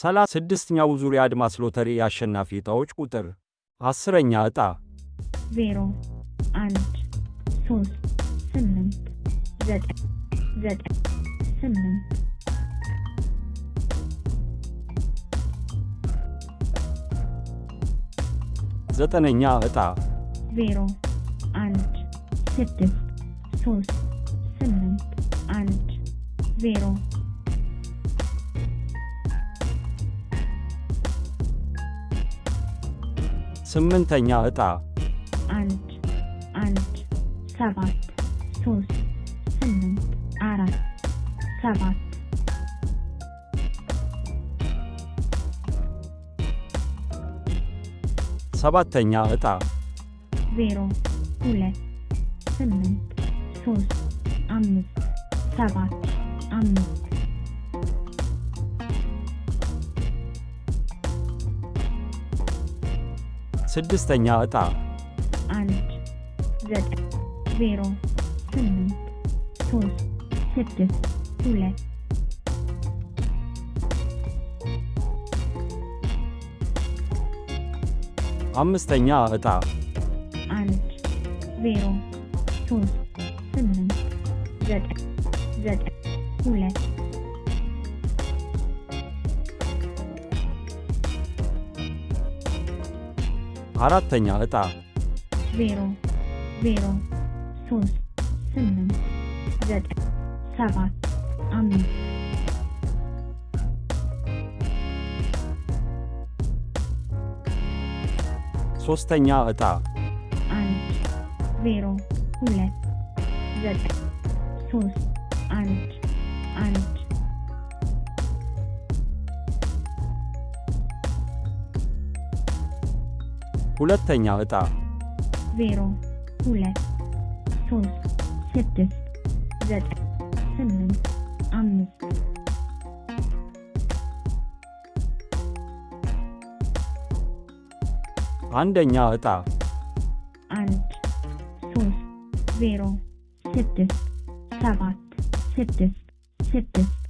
ሰላ ስድስተኛው ዙር የአድማስ ሎተሪ የአሸናፊ ዕጣዎች ቁጥር አስረኛ ዕጣ ዜሮ አንድ ሶስት ስምንት ዘጠኝ ዘጠኝ ስምንት ዘጠነኛ ዕጣ ዜሮ አንድ ስድስት ሶስት ስምንት አንድ ዜሮ ስምንተኛ ዕጣ አንድ አንድ ሰባት ሶስት ስምንት አራት ሰባት ሰባተኛ ዕጣ ዜሮ ሁለት ስምንት ሶስት አምስት ሰባት አምስት ስድስተኛ ዕጣ አንድ ዘጠኝ ዜሮ ስምንት ሶስት ስድስት ሁለት አምስተኛ ዕጣ አንድ ዜሮ ሶስት ስምንት ዘጠኝ ዘጠኝ ሁለት አራተኛ እጣ ዜሮ ዜሮ ሶስት ስምንት ዘጠኝ ሰባት አምስት ሶስተኛ ዕጣ አንድ ዜሮ ሁለት ዘጠኝ ሶስት አንድ ሁለተኛ ዕጣ 0 2 3 6 9 8 አምስት አንደኛ ዕጣ አንድ ሶስት ዜሮ ስድስት ሰባት ስድስት ስድስት